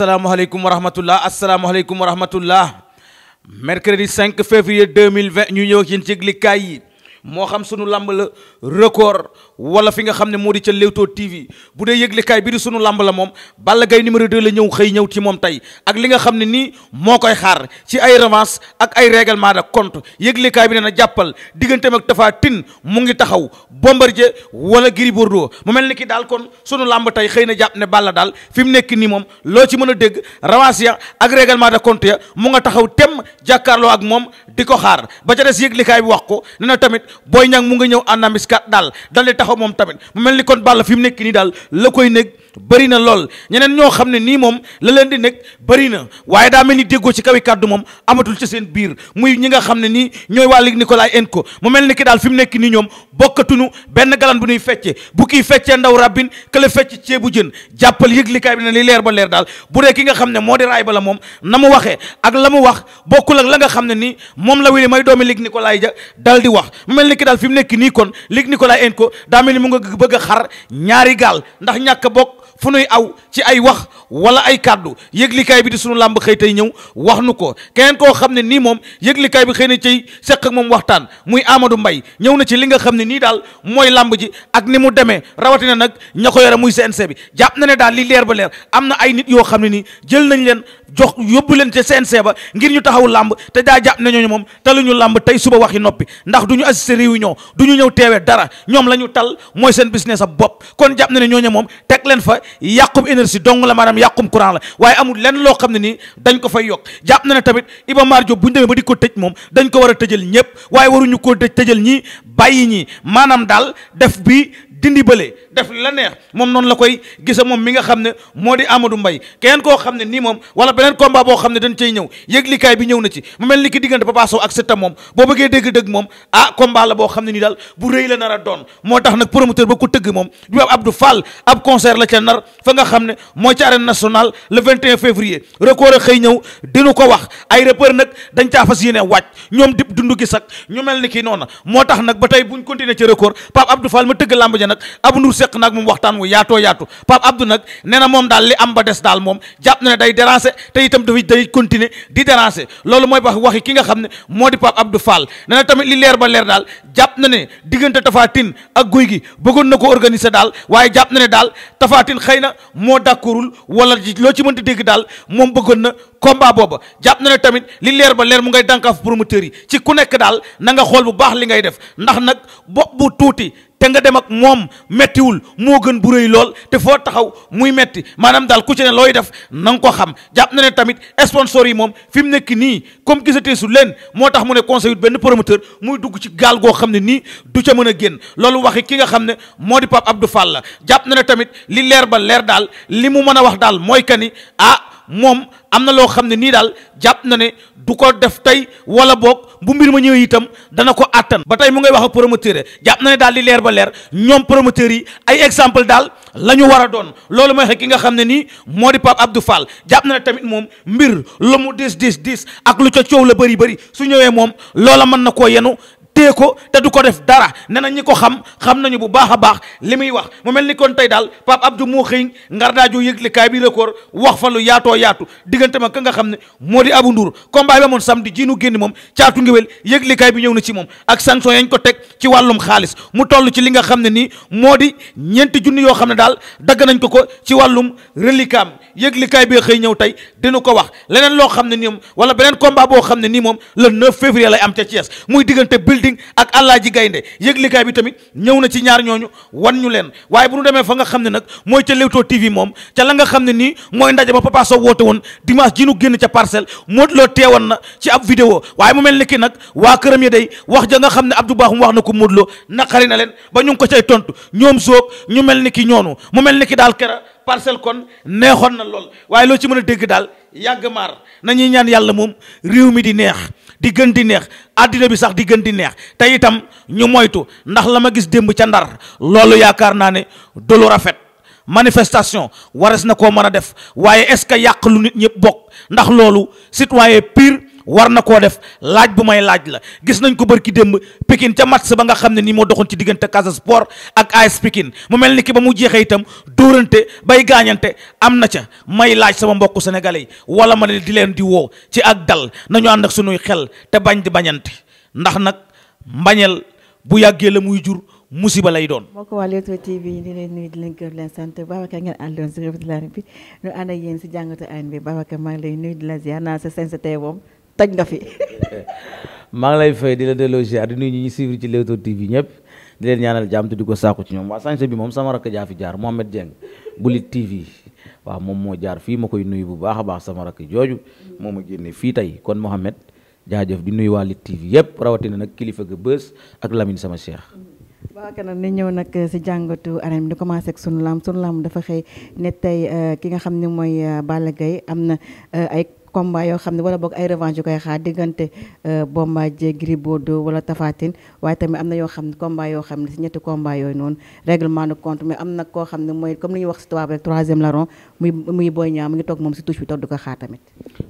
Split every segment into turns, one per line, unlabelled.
asalaamaaleykum wa rahmatullah asalaamaaleykum wa rahmatullah mercredi 5 février 2020 ñu ñëw ci yéen ci yëglikaay yi moo xam sunu làmb la record wala fi nga xam ne moo di ca Leewtoo TV bu dee yëglikaay bi di sunu lamb la moom Balla gay numéro 2 la ñëw xëy ñëw ci moom tey ak li nga xam ne nii moo koy xaar ci ay revanche ak ay règlement de compte yëglikaay bi nee na jàppal digganteem ak Tapha Tine mu ngi taxaw Bombardier wala Gris Bordeaux mu mel ni ki daal kon sunu lamb tey xëy na jàpp ne Balla daal fi mu nekk nii moom loo ci mën a dégg revanche ya ak règlement de compte ya mu nga taxaw tem jàkkaarloo ak moom di ko xaar ba ca des bi wax ko na tamit Boy Niang mu nga ñëw àndamis kat taxaw moom tamit mu mel ni kon Balla fi mu nekk nii daal la koy nekk bëri na lool ñeneen ñoo xam ne nii moom la leen di nekk bëri na waaye daa mel ni déggoo ci kawi kàddu moom amatul ci seen biir muy ñi nga xam ne nii ñooy waa Ligue Nicolas Enko mu mel ni ki daal fi mu nekk nii ñoom bokkatunu benn galan bu ñuy fecce bu kii feccee ndaw rabbin kële fecc ceebu jën jàppal yëglikaay bi ne li leer ba leer daal bu dee ki nga xam ne moo di raay moom na mu waxee ak la mu wax bokkul ak la nga xam ne nii moom la wili may doomi Ligue Nicolas ja dal di wax mu mel ni ki daal fi mu nekk nii kon Ligue Nicolas Enko daa mel ni mu nga bëgg a xar ñaari gaal ndax ñàkk bokk fu nuy aw ci ay wax wala ay kàddu yëglikaay bi di sunu làmb xëy tey ñëw wax nu ko keneen koo xam ne nii moom yëglikaay bi xëy na cay seq moom waxtaan muy Amadou mbay ñëw na ci li nga xam ne nii daal mooy làmb ji ak ni mu demee rawatina nag ña ko muy CNC bi jàpp na ne daal li leer ba leer am na ay nit yoo xam ne nii jël nañ leen jox yóbbu leen ca CNC ba ngir ñu taxaw làmb te daa jàpp ne ñooñu moom taluñu làmb tey suba waxi noppi ndax du ñu assister réunion du ñu ñëw teewee dara ñoom la ñu tal mooy seen business ab bopp kon jàpp na ne ñooñu moom teg leen fa yàqum énergie dong la maanaam yàqum courant la waaye amul lenn loo xam ne nii dañ ko fay yokk jàpp na ne tamit Iba Mar Diop bu ñu demee ba di ko tëj moom dañ ko war a tëjal ñëpp waaye waruñu koo tëjal ñii bàyyi ñii maanaam daal def bi dindi bële def la neex moom noonu la koy gisa moom mi nga xam ne moo di Amadou Mbaye keneen koo xam ne nii moom wala beneen combat boo xam ne dañ cay ñëw yëglikaay bi ñëw na ci mu mel ni ki diggante Papa Sow ak Siteu ah, a doon moo tax ca nar fa nga xam ne mooy ci arène nationale le 21 février record a xëy ñëw dinu ko wax ay rappeur nag dañ caa fas yéene wàcc ñoom dip dund gi sax mel ni ki noona moo tax nag ba tey buñ continuer ci record Pape Abdou Fall ma tëgg làmb nag Abou Nour seq nag moom waxtaan wu yaato yaatu Pape Abdou nag nee na moom daal li am ba des daal moom jàpp na ne day déranger te itam dafay day continuer di déranger loolu mooy wax waxi ki nga xam ne moo di Pape Abdou Fall nee na tamit li leer ba leer daal jàpp na ne diggante tafaatin ak guy gi bëggoon na ko organiser daal waaye jàpp na daal tafaatin xëy na moo d'accordul wala loo ci mënti dégg daal moom bëggoon na combat booba jàpp na ne tamit li leer ba leer mu ngay dànkaaf promoteurs yi ci ku nekk daal nanga xool bu baax li ngay def ndax nag bopp bu tuuti te nga dem ak moom mettiwul moo gën bu rëy lool te foo taxaw muy metti maanaam daal ku ci ne looy def na nga ko xam jàpp na ne tamit sponsor yi moom fi mu nekk nii comme gisatee su leen moo tax mu ne conseil benn promoteur muy dugg ci gaal goo xam ne nii du ca mën a génn loolu waxi ki nga xam ne moo di Pape Abdou Fall la jàpp na ne tamit li leer ba leer daal li mu mën a wax daal mooy que ni ah moom am na loo xam ne nii daal jàpp na ne du ko def tey wala boog bu mbir ma ñëwee itam dana ko àttan ba tey mu ngay wax ak promoteur yi jàpp na ne daal di leer ba leer ñoom promoteurs yi ay exemple daal la ñu war a doon loolu mooy ki nga xam ne nii moo di Pape Abdou Fall jàpp na ne tamit moom mbir lu mu dis dis dis ak lu ca coow la bëri bëri su ñëwee moom loola mën na koo yenu téye ko te du ko def dara nee na ñi ko xam xam nañu bu baax a baax li muy wax mu mel ni kon tey daal Pape ju moo xëy ngardaaju yëglikaay bi record wax fa lu yaatoo yaatu diggante ma ka nga xam ne moo di Abou Ndour combat bi amoon samedi ji nu génn moom caatu ngéwél yëglikaay bi ñëw na ci moom ak sanction yañ ko teg ci wàllum xaalis mu toll ci li nga xam ne nii moo di ñeenti junni yoo xam ne daal dagg nañ ko ko ci wàllum relikaam yëglikaay bi xëy ñëw tey dina ko wax leneen loo xam ne nii wala beneen combat boo xam ne nii moom le 9 février lay am ca Thiès muy diggante building ak Alaaji Gaynde yëglikaay bi tamit ñëw na ci ñaar ñooñu wan ñu leen waaye bu ñu demee fa nga xam ne nag mooy ca Leewtoo TV moom ca la nga xam ne nii mooy ndaje ba Papa Sow woote woon dimanche ji nu génn ca parcelle Modou Lo teewoon na ci ab vidéo waaye mu mel ni ki nag waa këram yi day wax ja nga xam ne Abdou Bakhoum wax na ko Modou naqari na leen ba ñu ngi ko cay tontu ñoom soog ñu mel ni ki ñoonu mu mel ni ki daal kera parcelle kon neexoon na lool waaye loo ci mën a dégg daal yàgg maar nañuy ñaan yàlla moom réew mi di neex di gën di neex àddina bi sax di gën di neex te itam ñu moytu ndax la ma gis démb ca ndar loolu yaakaar naa ne du lu rafet manifestation wares na koo mën a def waaye est-ce que yàq lu nit ñëpp bokk ndax loolu citoyen pire war na koo def laaj bu may laaj la gis nañ ko bërki démb Pikine ca match ba nga xam ne nii moo doxoon ci diggante Casa Sport ak AS Pikine mu mel ni ki ba mu jeexee itam dóorante bay gaañante am na ca may laaj sama mbokku sénégalais yi wala ma di leen di woo ci ak dal nañu ànd ak sunuy xel te bañ di bañante ndax nag mbañeel bu yàggee la muy jur musiba lay doon.
moo ko waa Leewtoo TV sant Babacar ngeen àndoon si bi ñu ànd si jàngatu arène bi Babacar maa ngi la ziar naa sa sensé tey toj nga fi.
maa ngi lay fay di la delloo ziar di nuyu ñi ñu suivre ci Leewtoo TV ñëpp di leen ñaanal jàmm te di ko saako ci ñoom waa sañse bi moom sama rakk jaa fi jaar Mohamed Dieng bu Lutte TV waaw moom moo jaar fii ma koy nuyu bu baax a baax sama rakk jooju moo ma génne fii tey kon Mohamed jaajëf di nuyu waa Lutte TV yëpp rawatina nag kilifa ga bës ak Lamine sama cheikh.
waaw kanam ni ñëw nag si jàngatu arène bi di commencé ak sunu lam sunu lam dafa xëy ne euh, ki nga xam ne mooy euh, Balla Gaye am na euh, ay. combat yoo xam ne wala boog ay revanche yu koy xaar diggante euh, Bombardier Gris Bordeaux wala Tapha waaye tamit am na yoo xam ne combat yoo xam ne si ñetti combat yooy noonu règlement de compte mais am na koo xam ne mooy comme li ñuy wax si tubaab rek troisième larron muy muy moom si touche bi toog di ko xaar tamit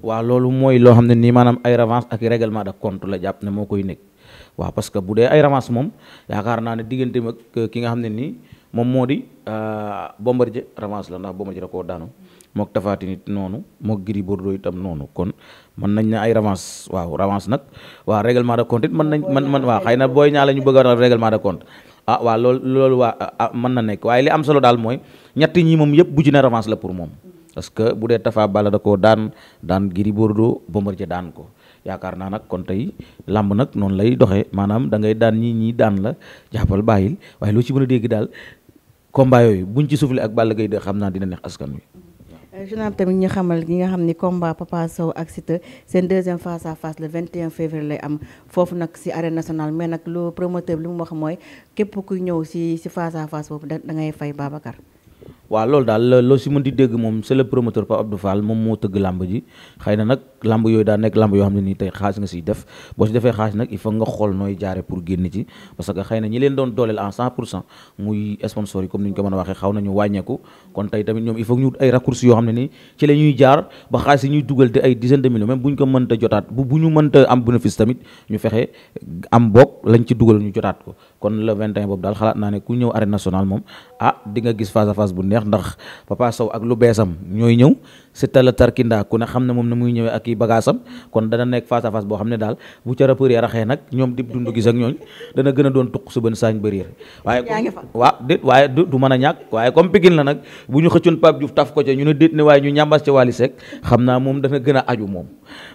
waaw loolu mooy loo xam ne nii maanaam ay revanche ak règlement de compte la jàpp ne moo koy nekk waaw parce que bu dee ay revanche moom yaakaar naa ne diggante mag ki nga xam ne nii moom moo di euh, Bombardier revanche la ndax Bombardier da koo daanu mook Tapha Tine it noonu mook Gris Bordeaux itam noonu kon mën nañ na ay revanche waaw revanche nag waa règlement de compte mën nañ man man waaw xëy na booy ñaa la ñu bëgg a règlement de compte ah waaw loolu loolu waa ah, ah, mën na nekk waaye li am solo daal mooy ñetti ñi moom yëpp bu ci ne revanche la pour moom parce que bu dee Tapha Balla da koo daan daan Gris Bordeaux Bombardier daan ko yaakaar naa nag kon tey làmb nag noonu lay doxee maanaam da ngay daan ñii ñi daan la jàppal bàyyil waaye loo ci mën a dégg daal combat yooyu buñ ci soufflé ak Balla Gaye xam naa dina neex askan wi
Euh, journal tamit ñu xamal gi nga xam ni combat Papa Sow ak Siteu seen deuxième face à face vingt 21 février lay am foofu nag si arène nationale mais nag lu promoteur bi mu wax mooy képp ku ñëw si si face à face boobu da ngay fay Babacar.
waaw loolu daal loo si mën di dégg moom c'est le promoteur Pape Abdou Fall moom moo tëgg làmb ji xëy na nag làmb yooyu daa nekk làmb yoo xam ne nii tey xaalis nga siy def boo si defee xaalis nag il faut nga xool nooy jaare pour génn ci parce que xëy na ñi leen doon dooleel muy sponsor yi comme ni ñu ko mën a waxee xaw nañu wàññeeku kon tey tamit ñoom il faut ñu ay raccourcis yoo xam ne nii ci la ñuy jaar ba xaalis yi ñuy dugal te ay dizaine de millions bu ñu ko mënta jotaat bu bu ñu mënta am bénéfice tamit ñu fexe am boog lañ ci dugal ñu jotaat ko kon le 21 boobu daal xalaat naa ne ku ñëw arène nationale moom ah di nga gis face à bu neex ndax Papa Sow ak lu beesam ñooy ñëw Siteu la tarkinda ku ne xam ne moom na muy ñëwee ak i bagaasam kon dana nekk face à boo xam ne daal bu ca rappeur ya raxee nag ñoom dib dund gis ak ñooñ dana gën a doon tuq su bën saañ bërier waaye waa déet waaye du mën a ñàkk waaye comme Pikine la nag bu ñu xëccoon Pape Diouf taf ko ca ñu ne déet ne waaye ñu ñàmbas ca Wally Seck xam naa moom dana gën a aju moom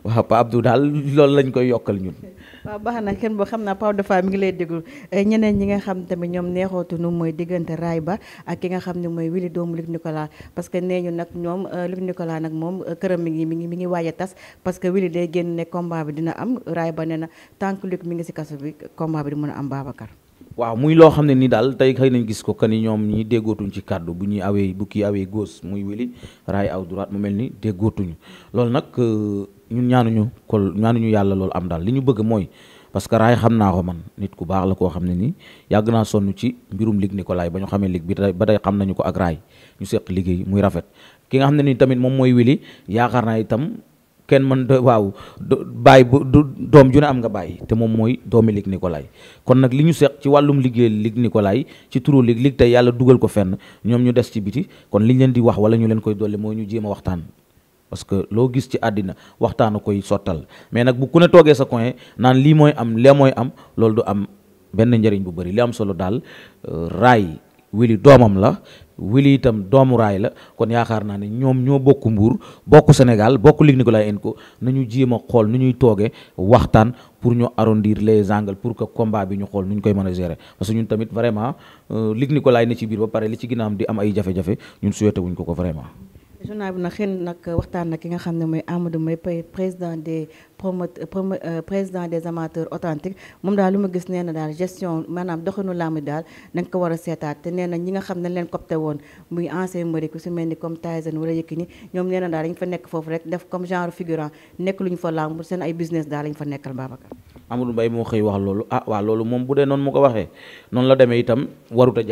waaw Pape Abdou daal loolu lañ koy yokkal ñun
waaw baax na kenn boo xam naa Pape Dafa mi ngi lay déglu eh, ñeneen ñi nga xam tamit ñoom neexootunu mooy diggante Rayba ak ki nga xam ne mooy Willy doomu Luc Nicolas parce que nee ñu nag ñoom eh, Luc Nicolas nag moom eh, këram mi ngi mi ngi mi ngi waaj a tas parce que Willy day génn ne combat bi dina am Rayba ne na tant que mi ngi si kaso bi combat bi di mën a am Babacar waaw
muy loo xam ne nii daal tey xëy nañ gis ko que ni ñoom ñi déggootuñ ci kàddu bu ñuy awee bu kii awee gauche muy wili raay aw droite mu mel ni déggootuñu loolu nag euh, ñun ñaanuñu kol ñaanuñu yàlla loolu am daal li ñu bëgg mooy parce que raay xam naa ko man nit ku baax la koo xam ne nii yàgg naa sonn ci mbirum lig Nicolas ba ñu xamee lig bi ba tey xam nañu ko ak raay ñu seq liggéey muy rafet ki nga xam ne nii tamit moom mooy wili yaakaar naa itam kenn mën da waaw baay bu du doom ju ne am nga bàyyi te moom mooy doomi Luc Nicolaï kon nag li ñu seq ci wàllum liggéey Luc Nicolaï ci turu Luc Luc tey yàlla dugal ko fenn ñoom ñu des ci biti kon liñ leen di wax wala ñu leen koy dolli mooy ñu jéema waxtaan parce que loo gis ci àddina waxtaan a koy sottal mais nag bu ku ne toogee sa coin naan lii mooy am lee mooy am loolu du am benn njëriñ bu bëri li am solo daal euh, raay wili doomam la wili itam doomu raay la kon yaakaar naa ne ñoom ñoo bokk Mbuur bokk Sénégal bokk Ligue Nicolas Enco ñu jéem a xool nu ñuy toogee waxtaan pour ñu arrondir les angles pour que combat bi ñu xool nu ñu koy mën a gérer parce que ñun tamit vraiment euh, Ligue Nicolas ne ci biir ba pare li ci ginnaaw am di am ay jafe-jafe ñun souhaité wuñ ko ko vraiment.
journal bi na xëy nag waxtaan na ki nga xam ne mooy Amadou mooy président des promote euh, président des amateurs authentiques moom daal lu ma gis nee na daal gestion maanaam doxinu làmb daal dañ ko war a seetaat te nee na ñi nga xam ne leen copté woon muy ancien mbëri ku si mel ni comme Tyson wala Yékini ñoom nee na daal dañ fa nekk foofu rek def comme genre figurant nekk lu ñu fa làmb seen ay business daal lañ fa nekkal Babacar
Amadou Mbaye moo xëy wax loolu ah waaw loolu moom bu dee noonu mu ko waxee noonu la demee itam warut a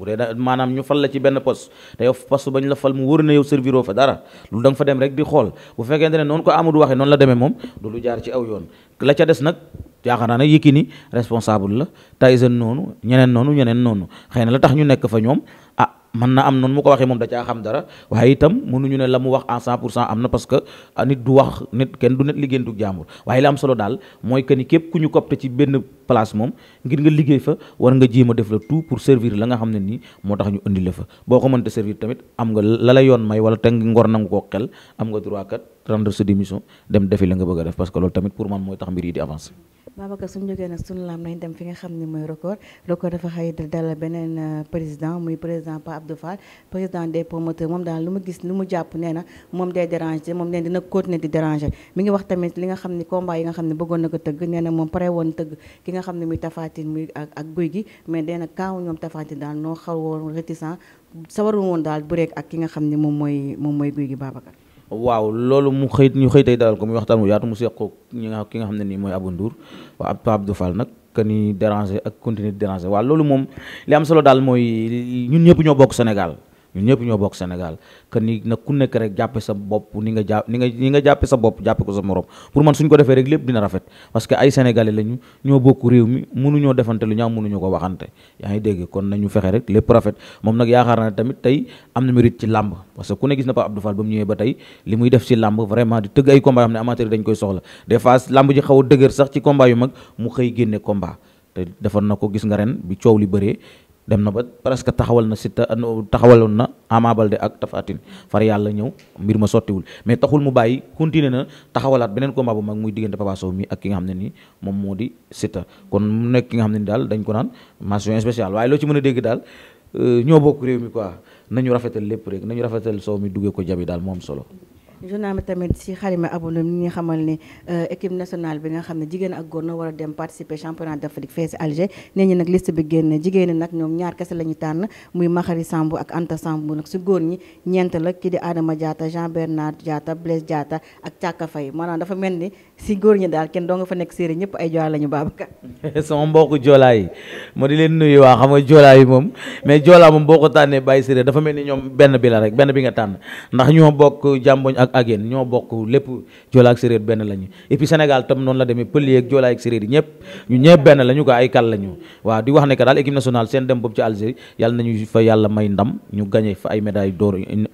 bu dee da maanaam ñu fal la ci benn poste te yow poste bañ la fal mu wër na yow serviro fa dara lu da fa dem rek di xool bu fekkente ne noonu ko Amadou waxee noonu la demee moom du lu jaar ci aw yoon la ca des nag yaakaar naa ne Yékini responsable la Tyson noonu ñeneen noonu ñeneen noonu xëy na la tax ñu nekk fa ñoom mën na am noonu mu ko waxee moom da caa xam dara waaye itam mënuñu ne la mu wax en cent pour cent am na parce que ah, nit du wax nit kenn du nit liggéeyantu jàmbur waaye la am solo daal mooy que ni képp ku ñu copte ci benn place moom ngir nga liggéey fa war nga jéem ma def la tout pour servir la nga xam ne nii moo tax ñu indile fa boo ko mënta servir tamit am nga la la yoon may wala te ngor nangu koo xel am nga droit kat rendre sa démission dem defi la nga bëgg a def parce que loolu tamit pour man mooy tax mbir yi di avancer.
Babacar suñu jógee nag suñu laam nañ dem fi nga xam ne mooy record record dafa xëy beneen euh, président muy président Pape Abdou Fall président des promoteurs moom daal lu mu gis lu mu jàpp nee na moom day déranger moom nee dina continuer di déranger mi ngi wax tamit li nga xam ne combat yi nga xam ne bëggoon na ko tëgg nee na moom pare woon tëgg ki nga xam ne muy tafaatin muy ak guy gi mais nee na kaaw ñoom tafaatin daal noo xaw woon réticent sawaru woon daal bu ak ki nga xam ne moom mooy moom mooy guy gi Babacar
waaw loolu mu xëy ñu xëy tey dalal ko muy waxtaan mu yaatu mu seq ko ñi nga ki nga xam ne nii mooy Abou Ndour waa Pape Abdou Fall nag que ni déranger ak continuer de déranger waaw loolu moom li am solo daal mooy ñun ñëpp ñoo bokk Sénégal ñu ñëpp ñoo bokk Sénégal que ni nag ku nekk rek jàppe sa bopp ni nga jàpp ni nga ni nga jàppe sa bopp jàppe ko sa morom pour man suñ ko defee rek lépp dina rafet parce que ay sénégalais lañu ñoo bokk réew mi mënuñoo defante lu ñaaw mënuñu ko waxante yaa ngi dégg kon nañu fexe rek lépp rafet moom nag yaakaar naa tamit tey am na mérite ci làmb parce que ku ne gis na Pape Abdou Fall ba mu ñëwee ba tey li muy def ci làmb vraiment di tëgg ay combat yoo xam ne amateur dañ koy soxla des fois làmb ji xaw a dëgër sax ci combat yu mag mu xëy génne combat te na ko gis nga ren bi coow li bëree dem na ba presque taxawal na Siteu taxawaloon na Ama Baldé ak Tapha far yàlla ñëw mbir ma sottiwul mais taxul mu bàyyi continuer na taxawalaat beneen combat bu mag muy diggante Papa Sow mi ak ki nga xam ne nii moom moo di Siteu kon mu nekk ki nga xam ne ni daal dañ ko naan mention spéciale waaye loo ci mën a dégg daal euh, ñoo bokk réew mi quoi nañu rafetal lépp rek nañu rafetal soow mi duggee ko jabi daal moo am solo
journal tamit si xarima abondum ñi nga xamal ne euh, équipe nationale bi nga xam ne jigéen ak góor na war a dem participer championnat d'Afrique fee si Alger nee ñi nag liste bi génne jigéen nag ñoom ñaar kese la ñu tànn muy Makhari Samb ak Anta Samb nag si góor ñi ñeent la kii di Adama Diatta Jean Bernard Diatta Blaise jaata ak Thiaka Faye maanaam dafa mel ni si góor ñi daal kenn doo nga fa nekk séeré ñëpp ay joolaa lañu Babacar
sama mbokk joolaa yi ma di leen nuyu waa xam nga joolaa yi moom mais joolaa moom boo ko tànnee bàyyi séeré dafa mel ni ñoom benn bi la rek benn bi nga tànn ndax ñoo bokk jàmboñ ak agéen ñoo bokk lépp joolaa ak séeréer benn lañu et puis Sénégal tam noonu la demee pël yi ak joolaa ak séeréer yi ñëpp ñu ñëpp benn lañu ko ay kal lañu waaw di wax ne que daal équipe nationale seen dem boobu ci Algérie yàlla nañu ñu gagné fa ay médaille d'or indi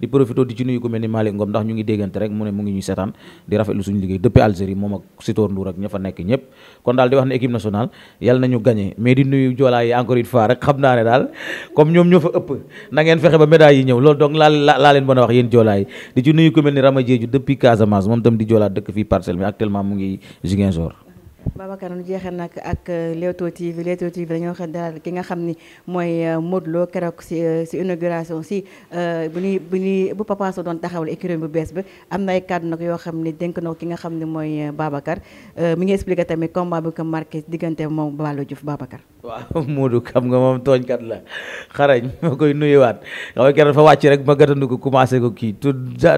di profité di ci nuyu ko mel ni Malick Ngom ndax ñu ngi suñu liggéey depuis Algérie moom ak Sitor Ndour ak ña fa nekk ñëpp kon daal di wax ne équipe nationale yàlla nañu gagné mais di nuyu joolaa encore une fois rek xam naa ne daal comme ñoom ñoo fa ëpp na fexe ba médaille yi ñëw loolu donc laa laa leen mën a wax yéen joolaa di ci nuyu ku mel ni Rama Diédhiou Casamance moom tam di joolaa dëkk fii parcelle mais actuellement mu ngi Ziguinchor
Babacar nu jeexee nag ak euh, Leewtoo TV Leewtoo TV dañoo xam daal ki nga xam ni mooy euh, Modou Lo keroog si euh, si inauguration si bu ñuy bu ñuy bu Papa Sow doon taxawal écurie bu bees bi am na ay kàddu nag yoo xam ni dénk na ki nga xam ni mooy Babacar mi ngi expliqué tamit combat bi ko marqué moom Balla Diouf Babacar.
waaw Modou xam nga moom tooñkat la xarañ ma koy nuyuwaat xam nga keroog wàcc rek ma gëtandu commencé ko kii tout ja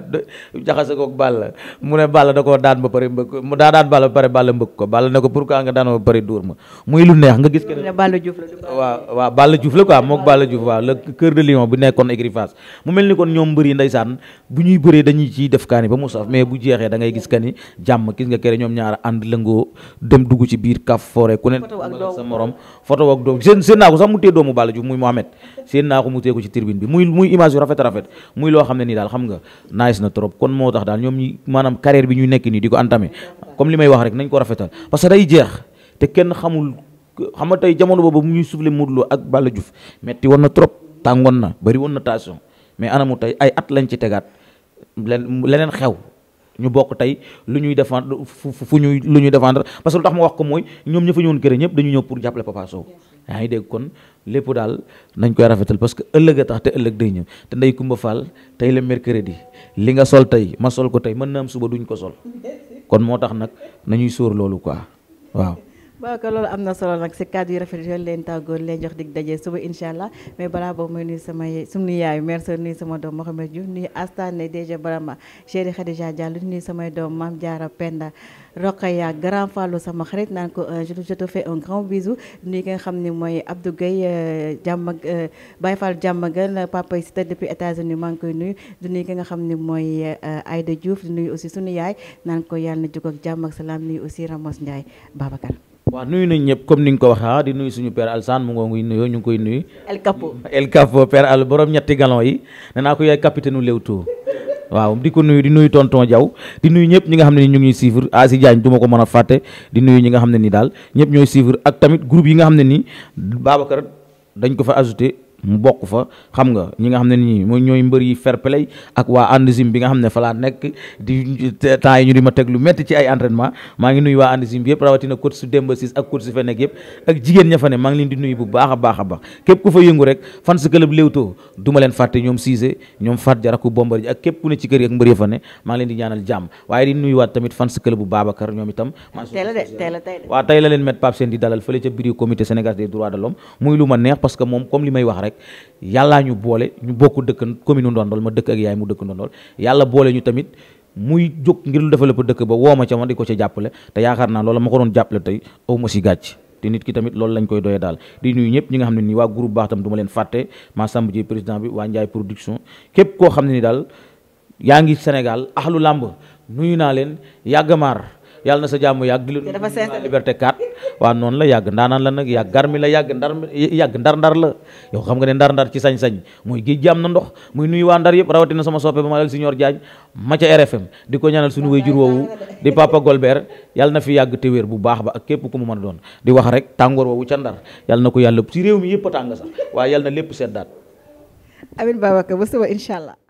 jaxase ko ak Balla mu ne Balla da koo daan ba pare mbëkk daa daan Balla ba pare Balla mbëkk ko Balla. ne ko pourquoi nga daan ma bëri dóor ma muy lu neex nga gis
waa
waaw waaw Balla Diouf la quoi mook la Diouf waaw le cœur de lion bu nekkoon écurie Fass mu mel ni kon ñoom mbër yi ndeysaan bu ñuy bëree dañuy ciy def kaani ba mu saf mais bu jeexee da ngay gis kani jàmm gis nga kere ñoom ñaar ànd lëngoo dem dugg ci biir kaf forêt ku ne sa moroom photo ak doom seen seen naa ko sax mu téye doomu Balla Diouf muy Mohamed seen naa ko mu téye ko ci tribune bi muy muy image yu rafet muy loo xam ne nii daal xam nga nice na trop kon moo tax daal ñoom ñi maanaam carrière bi ñu nekk nii di ko entamé comme li may wax rek nañ ko rafetal parce que day jeex te kenn xamul xam ma tey jamono boobu mu ñuy soufflé Modou Lo ak Balla Diouf metti woon na trop tàngoon na bari woon na tension mais anamu tey ay at lañ ci tegaat leneen xew ñu bokk tey lu ñuy défendre fu ñuy lu ñuy défendre parce que lu tax ma wax ko mooy ñoom ña fa ñëwoon kër ñëpp dañu ñëw pour jàppale Papa Sow yaa ngi dégg kon lépp daal nañ koy rafetal parce que ëllëg a tax te ëllëg day ñëw te ndey Kumba Fall tey la mercredi li nga sol tey ma sol ko tey mën na am suba duñ ko sol kon moo tax nag na ñuy sóor loolu quoi waaw
waaw ko loolu am na solo nag si kàddu yi rafet yooyu leen tàggoo leen jox dig daje suba incha allah mais balaa boobu may nuyu sama suñu yaay merci nuyu sama doom Mohamed Diouf nuyu Astane DG Barama chéri Khadija Diallo nuyu samay doom Mame Diarra Penda yaa Grand Fallou sama xarit naan ko euh, je te fais un grand bisou nuyu ki nga xam ni mooy Abdou Gueye euh, jàmm euh, Baye Fall jàmmagan papa si depuis États-Unis maa ngi koy nuyu du nuyu ki nga xam ne mooy Aïda Diouf nuyu aussi sunu yaay naan ko yàlla na jóg ak jàmm ak salaam nuyu aussi Ramos Ndiaye Babacar
waaw nuyu nañ ñëpp comme ni nga ko waxee ah, di nuyu suñu père Alsane mu ngoo ngi nuyoo ñu ngi koy nuyu. El Capo El Al borom ñetti galon yi nee ko yaay capitaine u Leewtoo waaw di ko nuyu di nuyu tonton Diaw di nuyu ñëpp ñi nga xam ne ni ñu ngi suivre Asi ah, Diagne du ñi nga xam ne ni daal ñëpp ñooy suivre ak tamit groupe yi nga xam ne ni Babacar dañ ko fa ajouté mu fa xam nga ñi nga xam ne nii mooy ñooy mbër yi fair play ak waa andsim bi nga xam ne fa laa nekk di temps ñu di ma teg lu metti ci ay entraînement maa ngi nuyu waa andsim bi yëpp rawatina coach su Demba Sis ak coach su fa nekk ak jigéen ña fa ne maa ngi leen di nuyu bu baax a baax a baax képp ku fa yëngu rek fan sa club Leewtoo leen fàtte ñoom Cissé ñoom Fat Diarra ku bombar ji ak képp ku ne ci kër yi ak mbër yi fa ne maa ngi leen di ñaanal ñoom itam ah, waaw tey la leen met Pape Sène di dalal fële ca biir comité sénégalais des droits de l'homme muy lu ma neex parce que wax rek rek yàllaa ñu boole ñu bokk dëkk commune Ndondol ma dëkk ak yaay mu dëkk Ndondol yàlla boole ñu tamit muy jóg ngir lu développé dëkk ba woo ma ca ma di ko ca jàppale te yaakaar naa loola ma ko doon jàppale tey aw si gàcc te nit ki tamit loolu lañ koy doyee daal di nuyu ñëpp ñi nga xam ne nii waa groupe baax tam du leen fàtte maa Samba Dieye président bi waa Ndiaye production képp koo xam ne ni daal yaa ngi Sénégal axlu làmb nuyu naa leen yàgg maar waaw noonu la yàgg ndaanaan la nag yàgg garmi la yàgg ndar yàgg ndar-ndar la yow xam nga ne ndar-ndar ci sañ-sañ muy géej gi am na ndox muy nuyu waa ndar yëpp rawatina sama soppe ba ma lal Signor Diagne ma ca RFM di ko ñaanal suñu wayjur woowu di Papa Golbert yàlla na fi yàgg te wér bu baax ba ak képp ku ma mën doon di wax rek tàngoor woowu ca ndar yàlla na ko yàlla si réew mi yëpp tàng sax waaye yàlla lépp seddaat
amin Babacar ba suba incha